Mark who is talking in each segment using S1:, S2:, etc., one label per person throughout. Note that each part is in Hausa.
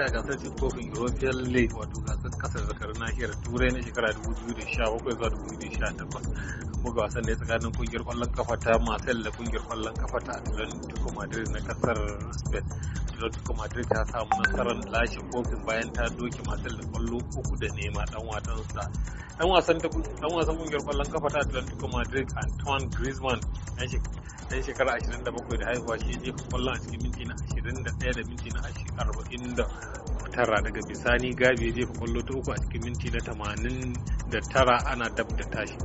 S1: a gasar cin kofin european league wato gasar kasar zakar nahiyar turai na shekara 2017 zuwa 2018 buga wasan ne tsakanin kungiyar kwallon kafa ta marcel da kungiyar kwallon kafa ta atlantico madrid na kasar spain Atletico Madrid ta samu nasarar lashe kofin bayan ta doke Madrid da kwallo uku da nema dan wasan sa. Dan wasan dan wasan kungiyar kwallon kafa ta Atletico Madrid Antoine Griezmann dan shekara 27 da haihuwa shi ne kwallon a cikin minti na 21 da minti na 49 daga bisani Gabi ya jefa kwallo ta uku a cikin minti na 89 ana dab da tashi.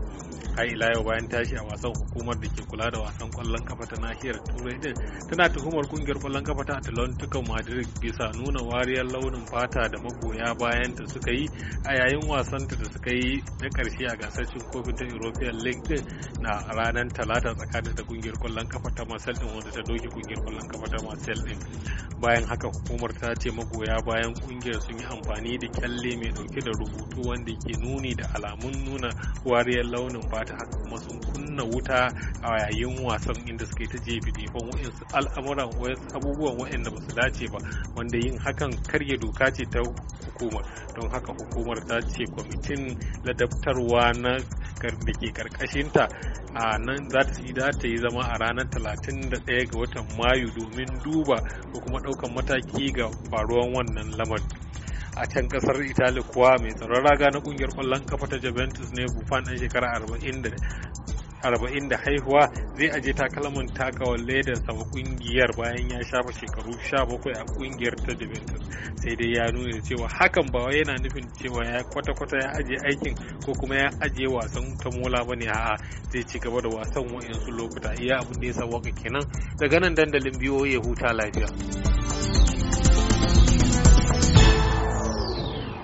S1: har ila yau bayan tashi a wasan hukumar da ke kula da wasan kwallon kafa ta nahiyar turai din tana tuhumar kungiyar kwallon kafa ta atlantika madrid bisa nuna wariyar launin fata da magoya bayan ta suka yi a yayin wasan ta da suka yi na karshe a gasar cin kofin ta european league din na ranar talata tsakanin da kungiyar kwallon kafa ta marcel din wanda ta doke kungiyar kwallon kafa ta marcel din bayan haka hukumar ta ce magoya bayan kungiyar sun yi amfani da kyalle mai dauke da rubutu wanda ke nuni da alamun nuna wariyar launin fata ta haka kuma sun kunna wuta a yayin wasan inda suke ta jefi jefan wa'insu al'amuran wa'insu abubuwan wa'in ba su dace ba wanda yin hakan karya doka ce ta hukumar don haka hukumar ta ce kwamitin ladabtarwa na da ke karkashinta a nan za ta yi zama a ranar 31 ga watan mayu domin duba ko kuma ɗaukan mataki ga faruwan wannan lamarin. a can kasar Italy kuwa mai tsaron raga na kungiyar kwallon kafa ta Juventus ne bufan dan shekara 40 da haihuwa zai aje takalmin takawar ledar sama kungiyar bayan ya shafa shekaru 17 a kungiyar ta Juventus sai dai ya nuna cewa hakan ba yana nufin cewa ya kwata-kwata ya aje aikin ko kuma ya aje wasan ta mola bane a'a zai ci gaba da wasan wa'insu lokuta iya abin da ya sa waka kenan daga nan dandalin biyo ya huta lafiya.